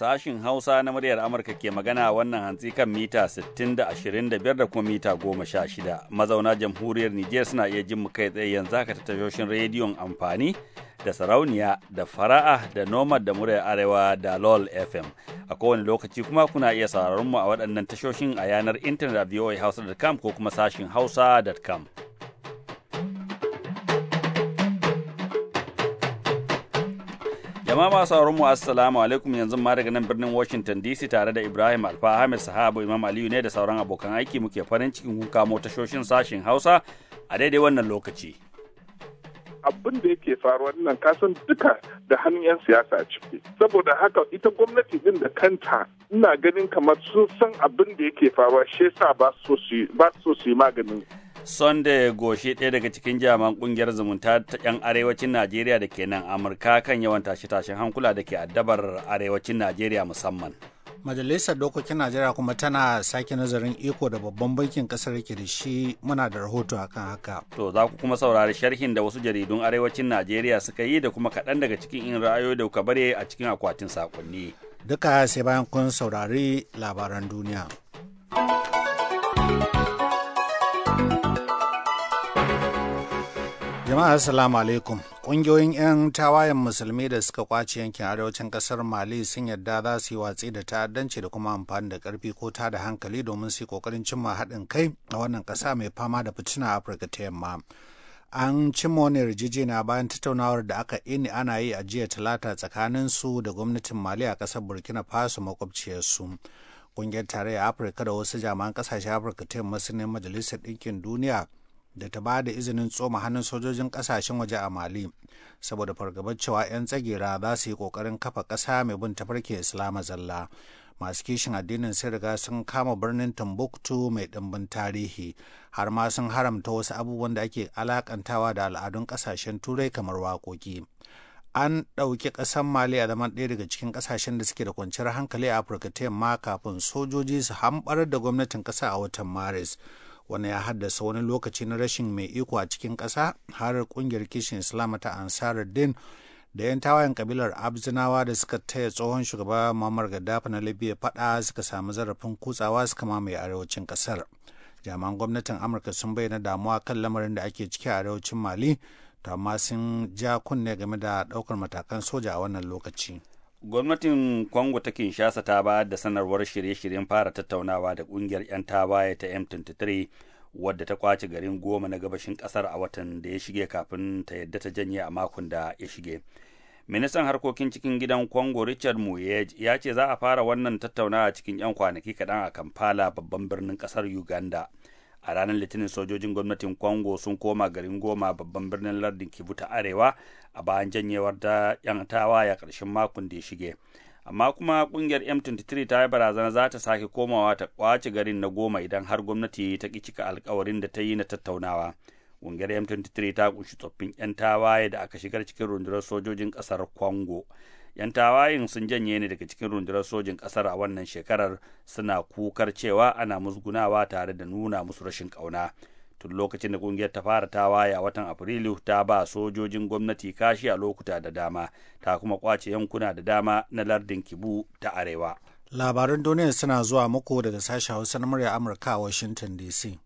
sashin Hausa na muryar Amurka ke magana wannan hantsi kan mita 60 da 25 da kuma mita 16. Mazauna jamhuriyar Nijar suna iya jin mu kai tsaye yanzu haka ta tashoshin rediyon amfani da sarauniya da fara'a da nomad da muryar arewa da lol fm a kowane lokaci kuma kuna iya sauraron mu a waɗannan tashoshin a yanar intanet a voahausa.com ko kuma sashin hausa.com Jama'a masu sauran mu assalamu alaikum yanzu ma daga nan birnin Washington DC tare da Ibrahim Alfa Ahmed Sahabo Imam Aliyu ne da sauran abokan aiki muke farin cikin kun tashoshin sashen Hausa a daidai wannan lokaci. Abin da yake faruwa nan kasan duka da hannun 'yan siyasa a ciki. Saboda haka ita gwamnati din da kanta ina ganin kamar sun san abin da yake faruwa shi yasa ba su yi maganin Sunday goshi ɗaya daga cikin jaman ƙungiyar zumunta ta 'yan arewacin Najeriya da ke nan Amurka kan yawan tashe-tashen hankula da ke addabar arewacin Najeriya musamman. Majalisar Dokokin Najeriya kuma tana sake nazarin iko da babban bankin kasar yake da shi muna da rahoto akan haka. To za ku kuma saurari sharhin da wasu jaridun arewacin Najeriya suka yi da kuma kaɗan daga cikin in ra'ayoyi da kuka bare a cikin akwatin sakonni. Duka sai bayan kun saurari labaran duniya. Jama'a Assalamu alaikum. Ƙungiyoyin 'yan tawayen musulmi da suka kwace yankin arewacin ƙasar Mali sun yarda za su yi watsi da ta'addanci da kuma amfani da karfi ko ta da hankali domin su yi ƙoƙarin cimma haɗin kai a wannan ƙasa mai fama da fitina Afirka ta yamma. An cimma wani yarjejeniya bayan tattaunawar da aka ini ana yi a jiya talata tsakanin su da gwamnatin Mali a ƙasar Burkina Faso makwabciyarsu. Ƙungiyar Tarayyar Afirka da wasu jami'an ƙasashen Afirka ta yamma sun majalisar ɗinkin duniya da ta ba da izinin tsoma hannun sojojin kasashen waje a mali saboda fargabar cewa 'yan tsagera za su yi kokarin kafa ƙasa mai bin tafarki islama zalla masu kishin addinin sun riga sun kama birnin timbuktu mai ɗimbin tarihi har ma sun haramta wasu abubuwan da ake alakantawa da al'adun ƙasashen turai kamar waƙoƙi an ɗauki ƙasar mali a zaman ɗaya daga cikin ƙasashen da suke da kwanciyar hankali a afirka ta yamma kafin sojoji su hambar da gwamnatin ƙasa a watan maris wanda ya haddasa wani lokaci na rashin mai iko a cikin ƙasa har ƙungiyar kishin islam ta ansarar din da 'yan tawayen kabilar abzinawa da suka taya tsohon shugaba muammar gaddafi na libya fada suka samu zarafin kutsawa suka mamaye arewacin ƙasar jami'an gwamnatin amurka sun bayyana damuwa kan lamarin da ake ciki a arewacin mali to amma sun ja kunne game da ɗaukar matakan soja a wannan lokaci Gwamnatin Kwango ta Kinshasa ta bayar da sanarwar shirye-shiryen fara tattaunawa da ƙungiyar 'yan tawaye ta M23 wadda ta kwace garin goma na gabashin ƙasar a watan da ya shige kafin ta yadda ta janye a makon da ya shige. Ministan harkokin cikin gidan Kwango Richard Muyej ya ce za a fara wannan tattaunawa cikin 'yan kwanaki kaɗan a Kampala babban birnin ƙasar Uganda. a ranar litinin sojojin gwamnatin Kwango sun koma garin goma babban birnin lardin kivu ta arewa a bayan janyewar da yan tawaya karshen makon da ya shige amma kuma kungiyar m23 ta yi barazana za ta sake komawa ta kwace garin na goma idan har gwamnati ta ki cika alkawarin da ta yi na tattaunawa kungiyar m23 ta kunshi tsoffin 'yan tawaye da aka shigar cikin rundunar sojojin ƙasar congo 'yan tawayin sun janye ne daga cikin rundunar sojin ƙasar a wannan shekarar suna kukar cewa ana musgunawa tare da nuna musu rashin ƙauna tun lokacin da kungiyar ta fara tawaye a watan afrilu ta ba sojojin gwamnati kashi a lokuta da dama ta kuma kwace yankuna da dama na lardin kibu ta arewa labaran duniya suna zuwa muku daga sashen hausa na murya amurka a washington dc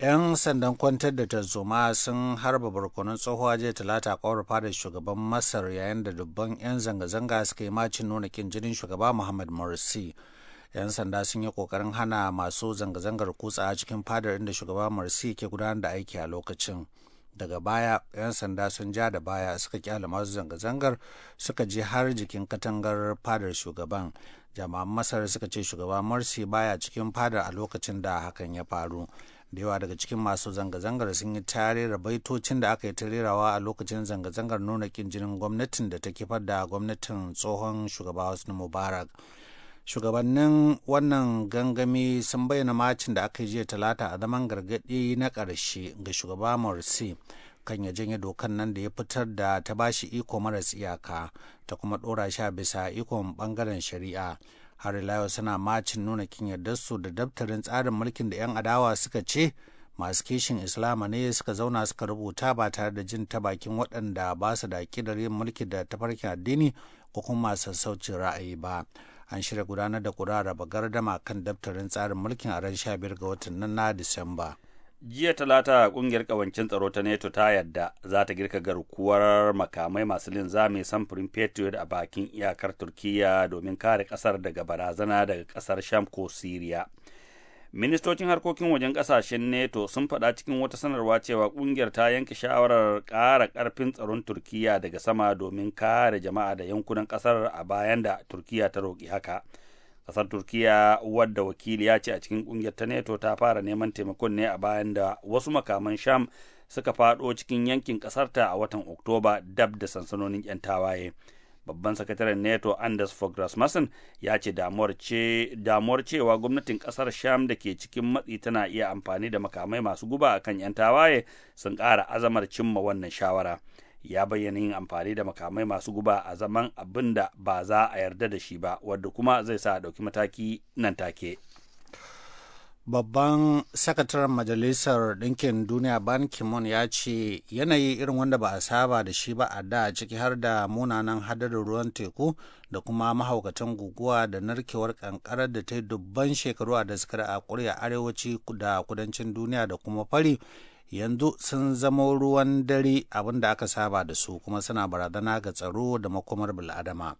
'yan sandan kwantar da tarzoma sun harba barkonon tsohuwa jiya talata kawar fadar shugaban masar yayin da dubban 'yan zanga-zanga suka yi macin nuna kin jinin shugaba muhammad morsi 'yan sanda sun yi kokarin hana masu zanga-zangar kutsa a cikin fadar inda shugaba morsi ke gudanar da aiki a lokacin daga baya 'yan sanda sun ja da baya suka kyale masu zanga-zangar suka je har jikin katangar fadar shugaban jama'an masar suka ce shugaba morsi baya cikin fadar a lokacin da hakan ya faru da yawa daga cikin masu zanga-zangar sun yi tare baitocin da aka yi ta a lokacin zanga-zangar nuna kin jinin gwamnatin da ta kifar da gwamnatin tsohon shugaba hosni mubarak shugabannin wannan gangami sun bayyana macin da aka yi jiya talata a zaman gargaɗi na ƙarshe ga shugaba morsi kan ya janye dokan nan da ya fitar da ta bashi iko maras iyaka ta kuma ɗora sha bisa ikon ɓangaren shari'a har suna macin nuna kin yardarsu da daftarin tsarin mulkin da 'yan adawa suka ce masu kishin islama ne suka zauna suka rubuta ba tare da jin ta bakin waɗanda ba su da yin mulki da tafarkin addini ko kuma sassaucin ra'ayi ba an shirya gudanar da ƙura raba gardama kan daftarin tsarin mulkin a ran 15 ga watan nan na disamba jiya talata ƙungiyar ƙawancin tsaro ta neto ta yadda za ta girka garkuwar makamai masu linzami samfurin patriot a bakin iyakar Turkiyya domin kare ƙasar daga barazana daga ƙasar sham ko siriya ministocin harkokin wajen ƙasashen neto sun faɗa cikin wata sanarwa cewa ƙungiyar ta yanke shawarar ƙara ƙarfin tsaron Turkiyya daga sama domin kare jama'a da yankunan ƙasar a bayan da Turkiyya ta roƙi haka Ƙasar Turkiya wadda wakili ya ce a cikin ƙungiyar ta NETO ta fara neman taimakon ne a bayan da wasu makaman Sham suka faɗo cikin yankin ƙasarta a watan Oktoba dab da sansanonin 'yan tawaye. Babban sakataren NETO Anders Fogh Rasmussen ya ce damuwar cewa gwamnatin ƙasar Sham da ke cikin matsi tana iya amfani da makamai masu guba akan 'yan tawaye sun ƙara azamar cimma wannan shawara. ya bayyana yin amfani da makamai masu guba a zaman abin da ba za a yarda da shi ba wadda kuma zai sa a ɗauki mataki nan take. Babban sakataren Majalisar Ɗinkin Duniya Ban Kimon ya ce yanayi irin wanda ba a saba da shi ba a da ciki har da munanan hadarin ruwan teku da kuma mahaukatan guguwa da narkewar kankarar da ta yi dubban shekaru a daskar a kurya arewaci da kudancin duniya da kuma fari yanzu sun zama ruwan dare abinda aka saba da su kuma suna barazana ga tsaro da makomar bil'adama.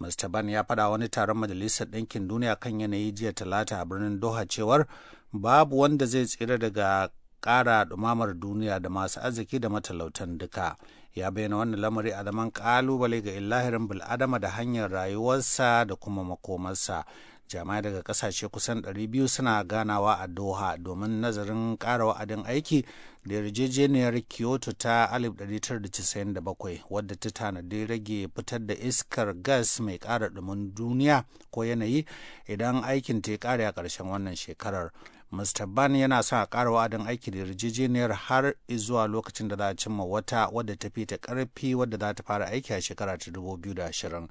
Mr. Ban ya faɗa wani taron Majalisar Ɗinkin Duniya kan yanayi jiya Talata a birnin Doha cewar babu wanda zai tsira daga ƙara ɗumamar duniya da masu arziki da matalautan duka. Ya bayyana wannan lamari a zaman ƙalubale ga illahirin bil'adama da hanyar rayuwarsa da kuma makomarsa. jami'ai daga kasashe kusan 200 suna ganawa a doha domin nazarin ƙara wa'adin aiki da yarjejeniyar kyoto ta 1997 wadda ta tanadi rage fitar da iskar gas mai ƙara ɗumin duniya ko yanayi idan aikin ta ƙare a karshen wannan shekarar mr ban yana son a ƙara wa'adin aiki da yarjejeniyar har zuwa lokacin da za a cimma wata wadda ta fi ta ƙarfi wadda za ta fara aiki a shekara ta 2020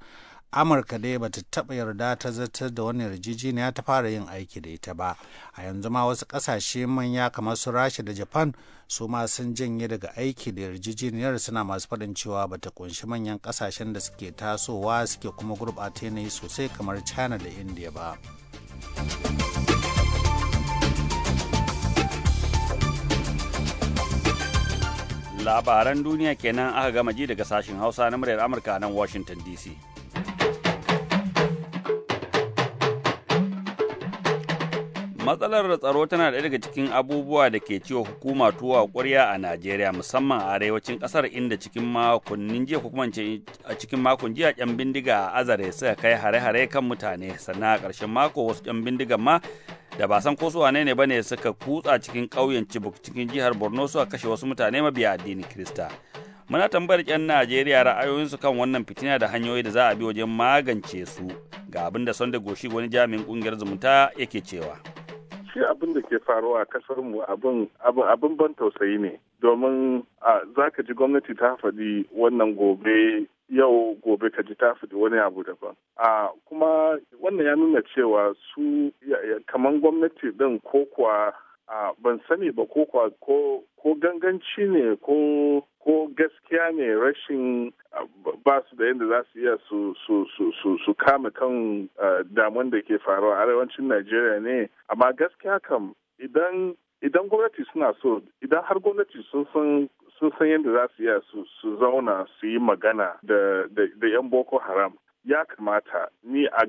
amurka dai bata taba yarda ta zartar da wani yarjejeniya ta fara yin aiki da ita ba a yanzu ma wasu ƙasashe manya kamar su rasha da japan su ma sun janye daga aiki da yarjejeniyar suna masu faɗin cewa bata kunshi manyan kasashen da suke tasowa suke kuma gurɓata yanayi sosai kamar china da india ba. labaran duniya kenan aka gama ji daga sashen hausa na muryar amurka nan washington dc matsalar tsaro tana ɗaya daga cikin abubuwa da ke ciwo hukuma tuwa ƙwarya a najeriya musamman a arewacin ƙasar inda cikin makonnin jiya ko kuma a cikin makon jiya ƴan bindiga a azare suka kai hare-hare kan mutane sannan a ƙarshen mako wasu ƴan bindigan ma da ba san ko su ne ba ne suka kutsa cikin ƙauyen cibuk cikin jihar borno suka kashe wasu mutane mabiya addinin kirista muna tambayar 'yan Najeriya ra'ayoyinsu kan wannan fitina da hanyoyi da za a bi wajen magance su ga abin da sanda Goshi wani jami'in kungiyar zumunta yake cewa. shi abin da ke faruwa a kasar mu abin ban tausayi ne domin za ka ji gwamnati ta faɗi wannan gobe yau gobe ka ji ta faɗi wani abu daban a kuma wannan ya nuna cewa su kamar gwamnati din ko kuwa A ban sani ba ko ko ganganci ne ko ko gaskiya ne rashin ba su da yadda za su iya su kama kan damuwan da ke faruwa arewacin najeriya ne amma gaskiya kam idan idan gwamnati suna so idan har gwamnati sun san sun san yadda za su iya su zauna su yi magana da 'yan boko haram ya kamata ni a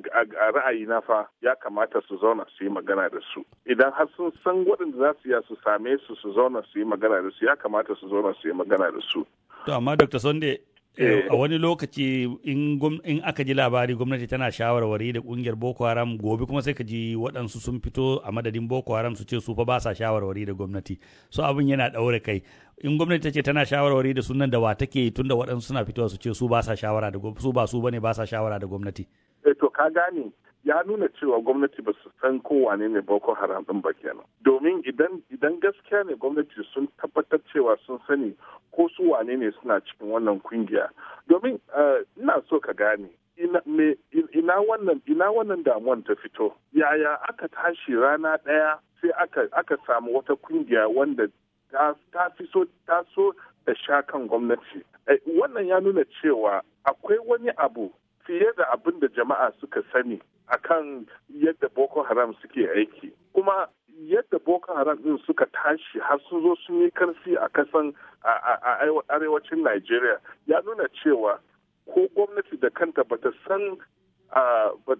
ra'ayi na fa ya kamata su zauna su yi magana da su idan har sun san waɗanda za su ya su same su su zauna su yi magana da su ya kamata su zauna su yi magana da su to amma dr sunday Eh. a wani lokaci in aka ji labari gwamnati tana shawarwari da kungiyar boko haram gobe kuma sai ka ji waɗansu sun fito a madadin boko haram su ce su fa ba sa shawarwari da gwamnati so abin yana ɗaure kai in gwamnati ta ce tana shawarwari da sunan da wa take tunda waɗansu suna fitowa su ce su ba sa shawara da su bane ba sa shawara da gwamnati eh, to ka gane ya nuna cewa gwamnati ba su san kowane ne boko haram din ba kenan domin idan gaskiya ne gwamnati sun tabbatar cewa sun sani ko su wane ne suna cikin wannan kungiya domin eh, ina so ka gane ina wannan ina damuwan ta fito yaya aka tashi rana ɗaya sai aka samu wata kungiya wanda ta fi so ta so da sha kan gwamnati eh, wannan ya nuna cewa akwai wani abu fiye da jama'a suka sani akan yadda boko haram suke aiki kuma yadda boko haram din suka tashi har sun zo sun yi karfi a kasan a arewacin nigeria ya nuna cewa ko gwamnati da kanta bata san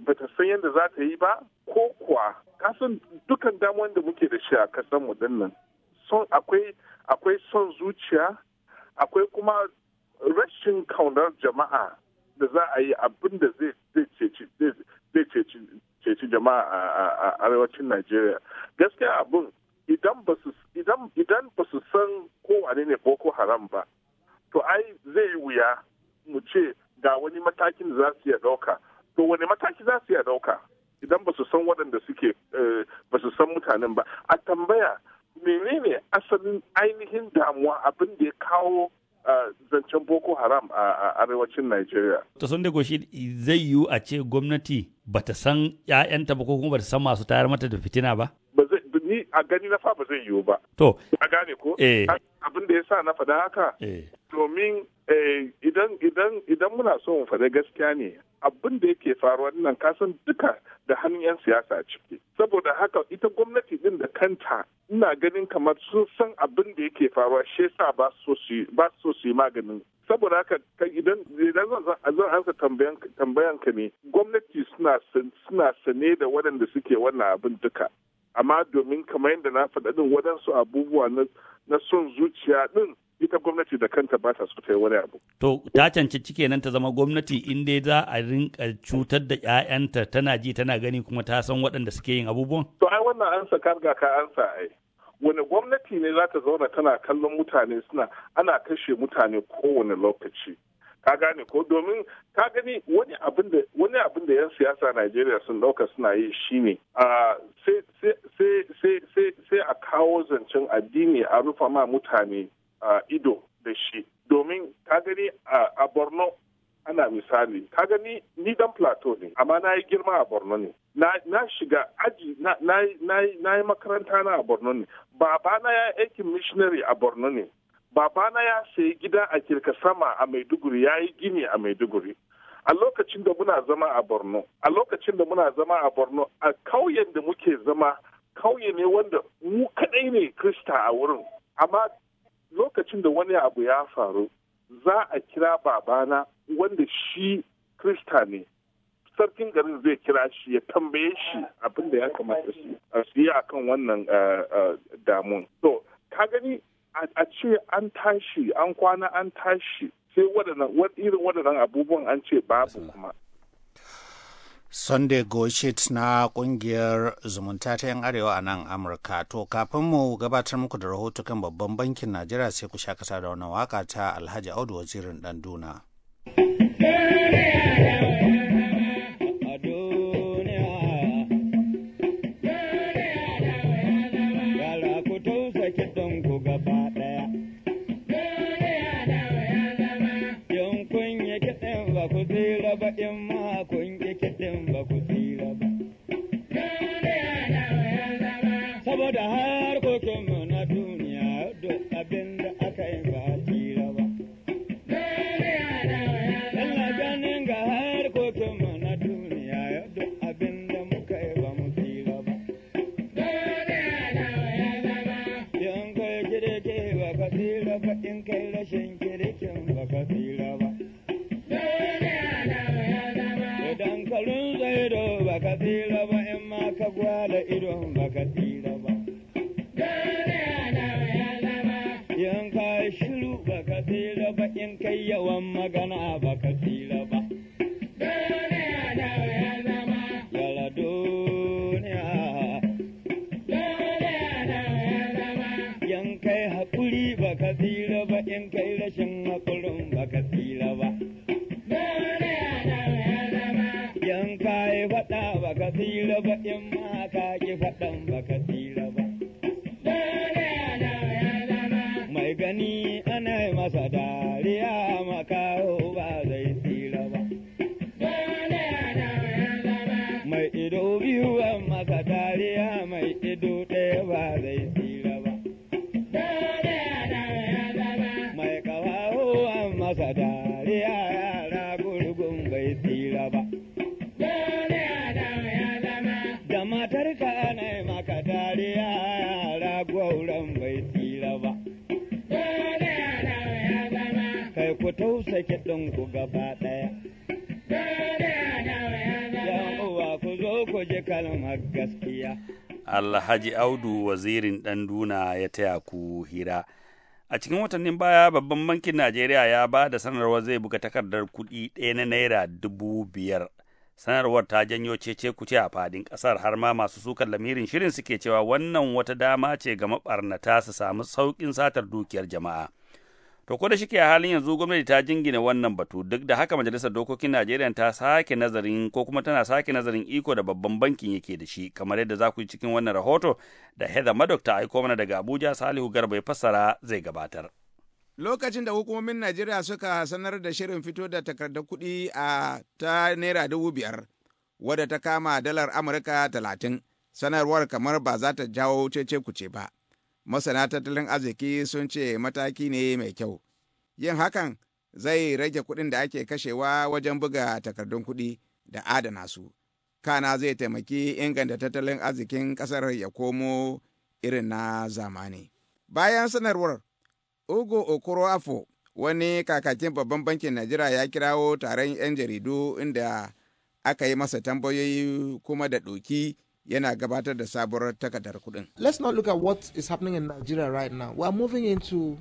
bata san yadda za ta yi ba ko kuwa kasan dukan damuwan da muke da shi a kasan mu dinnan son akwai akwai son zuciya akwai kuma rashin kaunar jama'a da za a yi abin da zai zai ceci jama'a a arewacin Najeriya. Gaskiya abun idan ba su san ko wane ne Boko Haram ba, to ai zai wuya mu ce ga wani matakin za su iya ɗauka. To wani mataki za su iya ɗauka idan ba su san waɗanda suke eh, ba su san mutanen ba. A tambaya menene asalin ainihin damuwa abin da ya kawo zancen boko haram a arewacin Najeriya. Ta sun da zai yiwu a ce gwamnati ba ta san 'ya'yanta ba ko kuma ba ta san masu tayar mata da fitina ba? Ni a gani na fa ba zai yiwu ba. To. A gane ko? Eh. Abin da ya sa na faɗa haka? Eh. Domin eh, idan muna so mu faɗa gaskiya ne abin da yake faruwa nan kasan duka da hannun 'yan siyasa ciki saboda haka ita gwamnati din da kanta ina ganin kamar sun san abin da yake faruwa shi yasa ba su su yi maganin saboda haka idan idan zan ansa tambayan ka ne gwamnati suna sane da waɗanda suke wannan abin duka amma domin kamar yadda na faɗaɗin waɗansu abubuwa na son zuciya din ita gwamnati da kanta ba ta so ta yi wani abu. To ta cancanci kenan ta zama gwamnati in dai za a rinka cutar da 'ya'yanta tana ji tana gani kuma ta san waɗanda suke yin abubuwan? To ai wannan ansa ka riga ka ansa ai. Wani gwamnati ne za ta zauna tana kallon mutane suna ana kashe mutane kowane lokaci. Ka gane ko domin ka gani wani abin da wani abin da 'yan siyasa Najeriya sun ɗauka suna yi shine sai a kawo zancen addini a rufa ma mutane a ido da shi domin ka gani a borno ana misali ka gani ni dan plateau ne amma na yi girma a borno ne na shiga aji na yi makaranta na a borno ne babana ya aikin missionary a borno ne babana ya sayi gida a kirka sama a maiduguri ya yi gini a maiduguri a lokacin da muna zama a borno a lokacin da muna zama a borno a kauyen da muke zama kauye ne wanda mu kadai ne krista a wurin amma lokacin da wani abu ya faru za a kira babana wanda shi krista ne sarkin garin zai kira shi ya tambaye shi abinda ya kamata shi a siya akan wannan eh, eh, damun so ka gani a ce an tashi an kwana an tashi sai irin waɗannan abubuwan an ce babu kuma Sunday Goshit na kungiyar zumunta ta 'yan arewa a nan Amurka. To kafin mu gabatar muku da rahoto kan babban bankin Najeriya sai ku sha ƙasa da wannan waka ta Alhaji Audu Wazirin Danduna. makao gaba ɗaya. ku Alhaji Audu wazirin ɗan duna ya taya ku hira. A cikin watannin baya babban bankin Najeriya ya ba da sanarwar zai buga takardar kuɗi ɗaya na naira dubu biyar. Sanarwar ta janyo cece kuce a fadin ƙasar har ma masu sukar lamirin shirin suke cewa wannan wata dama ce ga mabarnata su samu sauƙin satar dukiyar jama'a. To ko da shike a halin yanzu gwamnati ta jingina wannan batu duk da haka majalisar dokokin Najeriya ta sake nazarin ko kuma tana sake nazarin iko da babban bankin yake da shi kamar yadda za ku yi cikin wannan rahoto da Heather Madok ta aiko mana daga Abuja Salihu Garba ya fassara zai gabatar. Lokacin da hukumomin Najeriya suka sanar da shirin fito da takardar kuɗi a ta naira dubu biyar wadda ta kama dalar Amurka talatin sanarwar kamar ba za ta jawo cece kuce ba. masana tattalin arziki sun ce mataki ne mai kyau yin hakan zai rage kuɗin da ake kashewa wajen buga takardun kuɗi da adana su kana zai taimaki inganta tattalin arzikin ƙasar ya komo irin na zamani bayan sanarwar ugo okoro afo wani kakakin babban bankin najeriya ya kirawo taron 'yan jaridu inda aka yi masa tambayoyi kuma da ɗoki yana gabatar da sabuwar takardar kuɗin. Let's not look at what is happening in Nigeria right now. We are moving into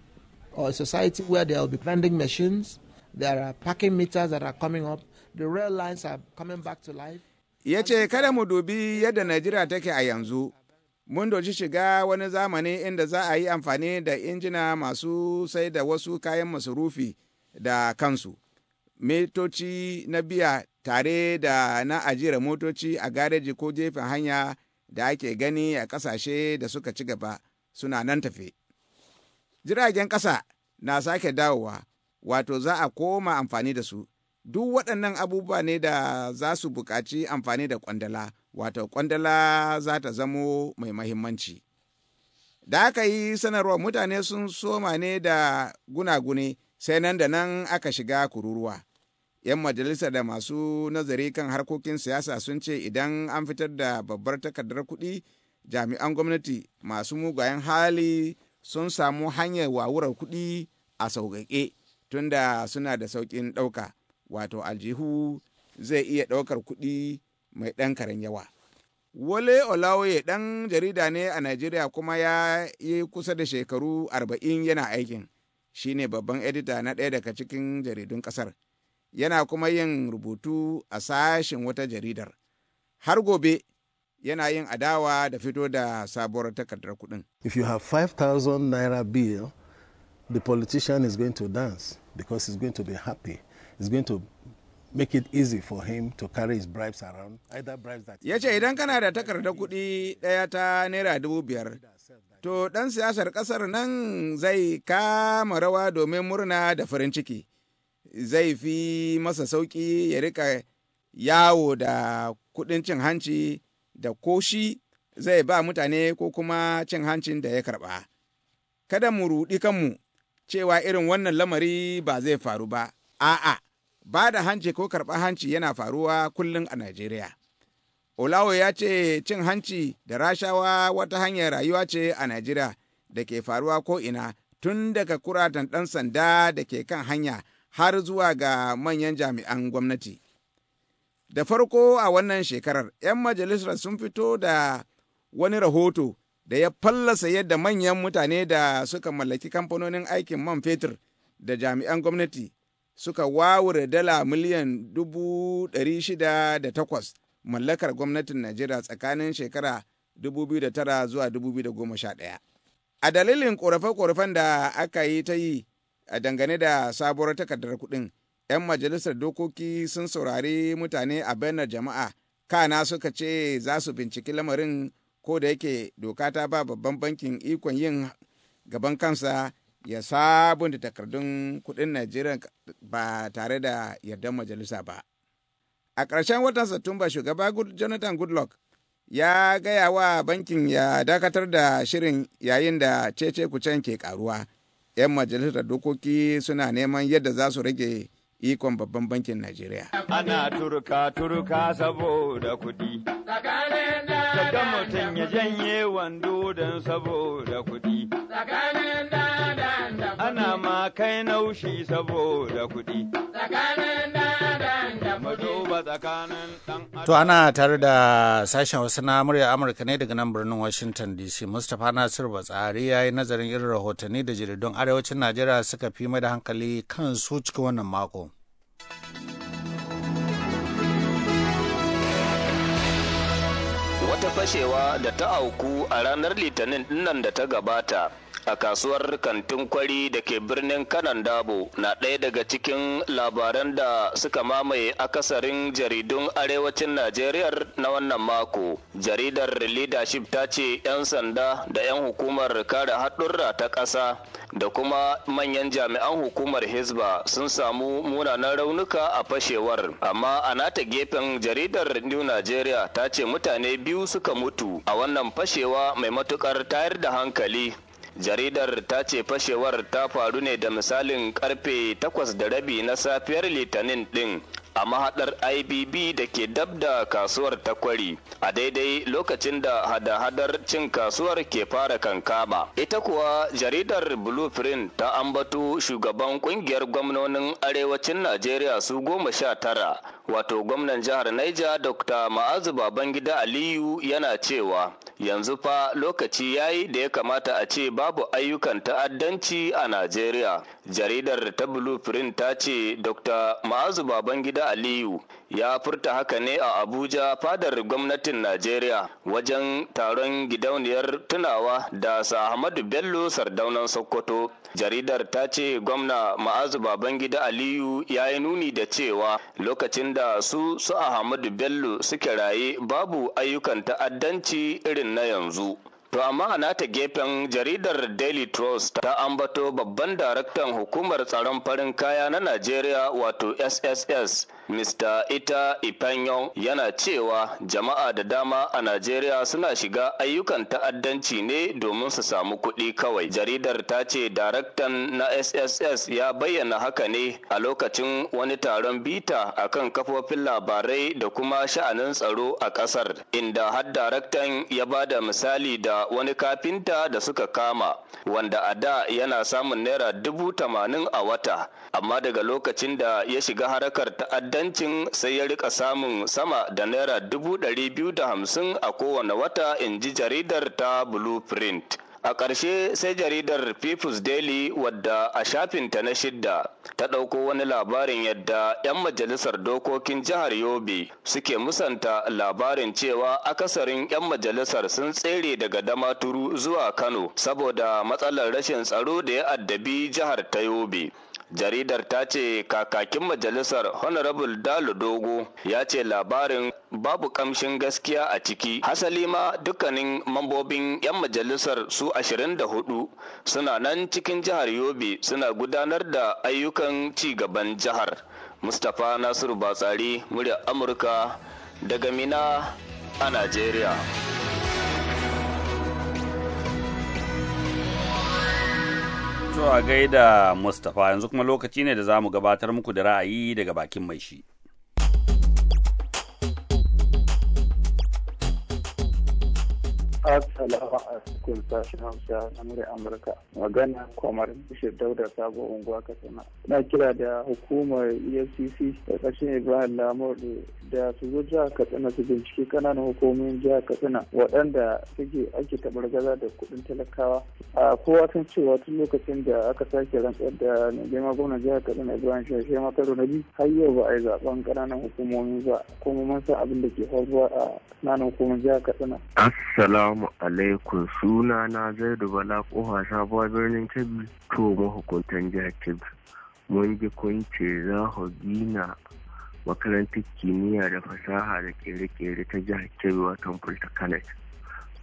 a society where there will be vending machines, there are parking meters that are coming up, the rail lines are coming back to life. Ya ce kada mu dubi yadda Najeriya take a yanzu, mun doji shiga wani zamani inda za a yi amfani da injina masu sai da wasu kayan masurufi da kansu, metoci na biya tare da na ajiyar motoci a gareji ko jefin hanya da ake gani a ƙasashe da suka ci gaba suna nan tafe. Jiragen ƙasa na sake dawowa, wato za a koma amfani da su. Duk waɗannan abubuwa ne da za su buƙaci amfani da ƙwandala, wato ƙwandala za ta zamo mai mahimmanci. Da aka yi sanarwa mutane sun soma ne da gunagune sai nan da nan aka shiga kururuwa. 'yan majalisa da masu nazari kan harkokin siyasa sun ce idan an fitar da babbar takardar kuɗi jami'an gwamnati masu mugayen hali sun samu hanyar wawurar kuɗi a sauƙaƙe tunda suna da sauƙin ɗauka wato aljihu zai iya ɗaukar kuɗi mai ɗan karen yawa. Wale Olawoye ɗan jarida ne a Najeriya kuma ya yi kusa da shekaru arba'in yana aikin shine babban edita na ɗaya daga cikin jaridun ƙasar. yana kuma yin rubutu a sashen wata jaridar. Har gobe yana yin adawa da fito da sabuwar takardar kuɗin. If you have 5,000 naira bill, the politician is going to dance because he's going to be happy. He's going to make it easy for him to carry his bribes around. Either bribes that Ya ce idan kana da takardar kuɗi ɗaya ta naira dubu biyar, to ɗan siyasar ƙasar nan zai kama rawa domin murna da farin ciki. zai fi masa sauƙi ya rika yawo da kuɗin cin hanci da koshi zai ba mutane ko kuma cin hancin da ya karɓa. Kada mu ruɗi kanmu cewa irin wannan lamari ba zai faru ba, a'a, ba da hanci ko karɓar hanci yana faruwa kullum a Najeriya. Olawo ya ce cin hanci da rashawa wata hanyar rayuwa ce a Najeriya da ke faruwa ko'ina tun daga kuratan ɗan sanda da ke kan hanya har zuwa ga manyan jami'an gwamnati. Da farko a wannan shekarar, 'yan majalisar sun fito da wani rahoto da ya fallasa yadda manyan mutane da suka mallaki kamfanonin aikin man fetur da jami'an gwamnati suka wawure dala miliyan dubu da takwas mallakar gwamnatin Najeriya tsakanin shekara 2009 zuwa 2011. A dalilin ƙorafe-ƙorafen da aka yi ta yi a dangane da sabuwar takardar kuɗin 'yan majalisar dokoki sun saurari mutane a bayanar jama'a kana suka ce za su binciki lamarin ko da yake doka ta ba babban bankin ikon yin gaban kansa ya sabunta takardun kuɗin najeriya ba tare da yardar majalisa ba a ƙarshen watan satumba shugaba jonathan goodluck ya gaya wa bankin ya dakatar da shirin yayin da cece kucen ke ƙaruwa. 'yan majalisar dokoki suna neman yadda za su rage ikon babban bankin Najeriya. Ana turka turka saboda kuɗi. Daga mutum ya janye wando don saboda kuɗi. Ana ma kai naushi saboda kuɗi. To ana tare da sashen wasu na murya Amurka ne daga nan birnin Washington DC. Mustapha Nasiru Batsari ya yi nazarin irin rahotanni da jaridun arewacin Najeriya suka fi mai da hankali kan su cikin wannan mako. Wata fashewa da ta auku a ranar Litinin dinnan da ta gabata. a kasuwar kantin kwari da ke birnin kanan dabo na ɗaya daga cikin labaran da suka mamaye akasarin jaridun arewacin najeriya na wannan mako jaridar leadership ta ce 'yan sanda da 'yan hukumar kare haɗurra ta ƙasa da kuma manyan jami'an hukumar hisba sun samu munanan raunuka a fashewar amma a nata gefen jaridar new nigeria ta ce mutane biyu suka mutu a wannan fashewa mai matukar tayar da hankali Jaridar ta ce fashewar ta faru ne da misalin karfe takwas da rabi na safiyar Litinin din a mahaɗar IBB da ke dab da kasuwar takwari a daidai lokacin da hada-hadar cin kasuwar ke fara kankama. Ita kuwa jaridar Blueprint ta ambato shugaban kungiyar gwamnonin arewacin Najeriya su goma sha tara, wato gwamnan jihar Niger Dr. Ma'azu Babangida Aliyu yana cewa yanzu fa lokaci ya yi da ya kamata a ce babu ayyukan ta'addanci a najeriya jaridar ta blueprint ta ce dr ma'azu babangida aliyu ya furta haka ne a abuja fadar gwamnatin najeriya wajen taron gidauniyar tunawa da ahmadu bello sardaunan sokoto jaridar ta ce gwamna ma'azu babangida aliyu ya yi nuni da cewa lokacin da su su ahmadu bello suke raye babu ayyukan ta'addanci irin na yanzu To amma a ta gefen jaridar Daily Trust ta ambato babban daraktan hukumar tsaron farin kaya na Najeriya wato SSS Mr. Ita Ipanyon yana cewa jama'a da dama a Najeriya suna shiga ayyukan ta'addanci ne domin su samu kuɗi kawai. Jaridar ta ce daraktan na SSS ya bayyana haka ne a lokacin wani taron bita a kan kafofin labarai da kuma sha'anin tsaro a ƙasar, inda har daraktan ya ba da misali da wani kafinta da suka kama, wanda a da yana samun naira dubu tamanin a wata, amma daga lokacin da ya shiga harakar ta'addanci ta'addancin sai ya rika samun sama da naira dubu ɗari biyu da hamsin a kowane wata in ji jaridar ta blueprint a ƙarshe sai jaridar people's daily wadda a shafinta na shidda ta ɗauko wani labarin yadda 'yan majalisar dokokin jihar yobe suke musanta labarin cewa akasarin 'yan majalisar sun tsere daga damaturu zuwa kano saboda matsalar rashin tsaro da ya addabi jihar ta yobe jaridar ta ce kakakin majalisar honorable Dalu dogo ya ce labarin babu kamshin gaskiya a ciki hasali ma dukkanin mambobin 'yan majalisar su 24 suna nan cikin jihar yobe suna gudanar da ayyukan ci gaban jihar mustapha nasiru batsari murya amurka daga mina a najeriya To a gaida Mustapha yanzu kuma lokaci ne da za mu gabatar muku da ra'ayi daga bakin mai shi. Assalamu alaikum sashen Hausa na murya Amurka. Magana kwamar Bishir Dauda Sabo Unguwa Katsina. Na kira da hukumar EFCC da ƙarshen Ibrahim Lamurdu da su zo jihar Katsina su binciki kananan hukumomin jihar Katsina waɗanda suke ake taɓar gaza da kuɗin talakawa. A kowa sun cewa tun lokacin da aka sake rantsar da girma gwamnan jihar Katsina Ibrahim Shashe Makaru na biyu har yau ba a yi zaɓen kananan hukumomi ba kuma mun san abin da ke faruwa a kananan hukumomin jihar Katsina. Assalamu Assalamu alaikum suna na Zaidu Bala Kofa Sabuwa birnin Kebbi to mahukuntan jihar Kebbi. Mun ji kun ce za ku gina makarantar kimiyya da fasaha da kere-kere ta jihar Kebbi watan Fulta Kanet.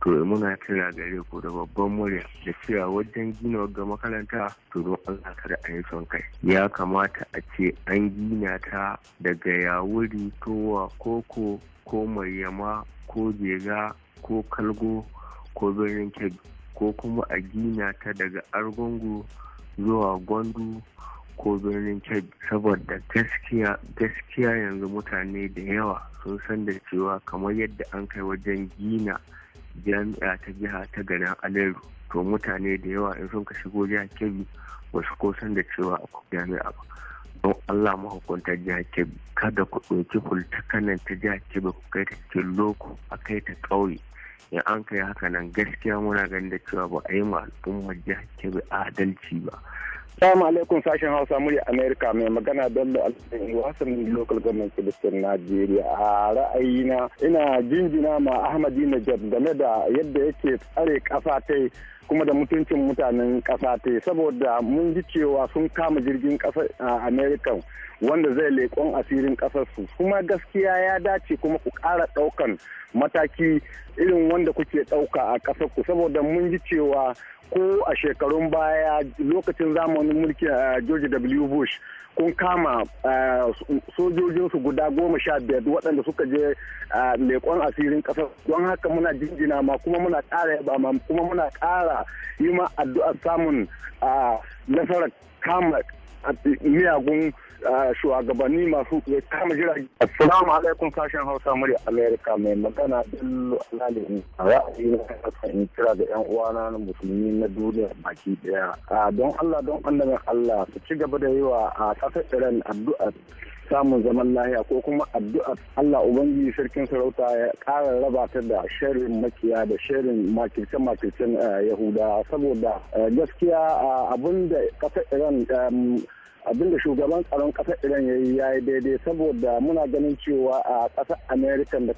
To muna kira gare ku da babban murya da cewa wajen gina ga makaranta to don an kada an yi son kai. Ya kamata a ce an gina ta daga yawuri towa koko ko maryama ko jega ko kalgo ko birnin kebbi ko kuma a gina ta daga argungu zuwa gwandu ko birnin kebbi saboda gaskiya yanzu mutane da yawa sun san da cewa kamar yadda an kai wajen gina jami'a ta jiha ta garin aleru to mutane da yawa in sun ka shigo jihar kebbi ba ko san da cewa a jami'a ba don allah mahukuntar jiha kebbi kada ku ɗauki fultakanan ta jiha kebbi ku kai ta cikin loko a kai ta ƙauye in an kai haka nan gaskiya muna ganin da cewa ba a yi ma al'ummar jihar kebe adalci ba Assalamu alaikum sashen Hausa murya Amerika mai magana Bello Alhassan wasan local government Kibistin Najeriya. A ra'ayina ina jinjina ma Ahmadi Najab game da yadda yake tsare kafa tai kuma da mutuncin mutanen kasa tai saboda mun ji cewa sun kama jirgin a Amerika wanda zai leƙon asirin kasarsu kuma gaskiya ya dace kuma ku ƙara ɗaukan mataki irin wanda kuke ɗauka a ƙasarku saboda mun ji cewa ko a shekarun baya lokacin zamanin mulki a eh, George W. Bush kun kama eh, sojojinsu guda goma sha biyar waɗanda suka je eh, leƙon asirin ƙasar don haka muna jinjina ma kuma muna ƙara yaba ma kuma muna ƙara yi ma addu'ar samun nasarar kama miyagun shugabanni masu kama jirage. Assalamu alaikum fashin Hausa murya Amerika mai magana Bello Alali ra'ayi na kan in kira ga yan uwana na musulmi na duniya baki daya. Don Allah don annabin Allah su ci gaba da yi wa ƙasar Iran addu'a samun zaman lahiya ko kuma addu'ar Allah Ubangiji sarkin sarauta ya kara raba ta da shirin makiya da shirin makirce-makircen eh, Yahuda saboda eh, gaskiya abin da ƙasar Iran abinda shugaban tsaron kasar iran ya yi ya yi daidai saboda muna ganin cewa a kasar america da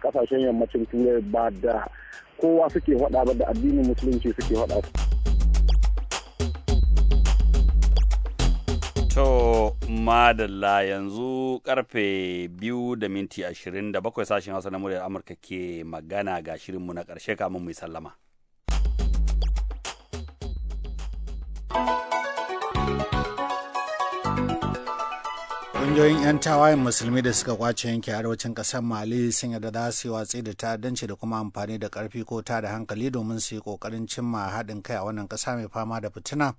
kasashen eh, yammacin turai ba da kowa suke hada ba da addinin musulunci suke hada To madalla yanzu karfe biyu da minti ashirin da bakwai sashen hausa na muryar amurka ke magana ga shirinmu na karshe kamun mai sallama. kungiyoyin 'yan tawayen musulmi da suka kwace yanke arewacin ƙasar Mali sun yarda za su yi watsi da ta'addanci da kuma amfani da ƙarfi ko ta da hankali domin su yi ƙoƙarin cimma haɗin kai a wannan ƙasa mai fama da fitina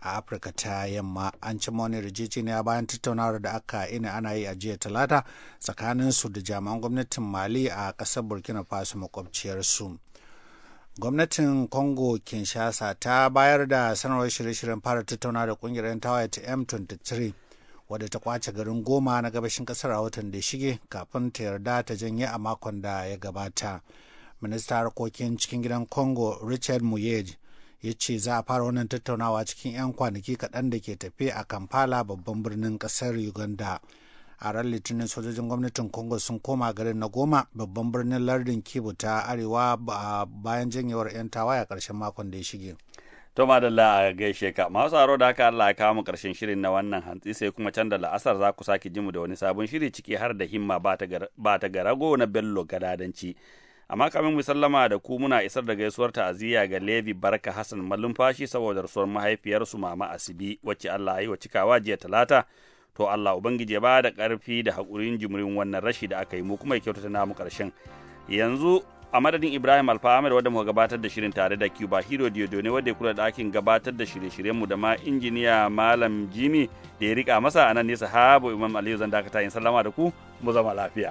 a Afirka ta yamma. An cimma wani A bayan tattaunawar da aka ina ana yi a jiya talata tsakanin su da jami'an gwamnatin Mali a ƙasar Burkina Faso makwabciyarsu. su. gwamnatin congo kinshasa ta bayar da sanarwar shirye-shiryen fara tattauna da kungiyar 'yan tawaye ta m23 wadda ta kwace garin goma na gabashin kasar a watan da shige kafin ta yarda ta janye a makon da ya gabata minista harkokin cikin gidan congo richard muyej ya ce za a fara wannan tattaunawa cikin 'yan kwanaki kaɗan da ke tafe a kampala babban birnin ƙasar uganda a ran litinin sojojin gwamnatin congo sun koma garin na goma babban birnin lardin kibu ta arewa bayan janyewar 'yan tawaya a ƙarshen makon da ya shige To dalla a gaishe ka masu tsaro da haka Allah ya kawo mu karshen shirin na wannan hantsi sai kuma can da la'asar za ku sake jimu da wani sabon shiri ciki har da himma ba ta garago na bello gadadanci. Amma kamin mu sallama da ku muna isar da gaisuwar ta'aziyya ga Levi Barka Hassan Malumfashi saboda rasuwar mahaifiyarsu Mama Asibi wacce Allah ya yi wa cikawa jiya Talata. To Allah Ubangiji ya ba da ƙarfi da haƙurin jimurin wannan rashi da aka yi mu kuma ya kyautata namu ƙarshen. Yanzu a madadin ibrahim alfa ahmed wadda muka gabatar da shirin tare da cuba hero diodone wadda ya kula da akin gabatar da shirye-shiryenmu da ma injiniya malam jimi da ya rika masa a nan nesa habu imam aliyu zan dakata in salama da ku mu zama lafiya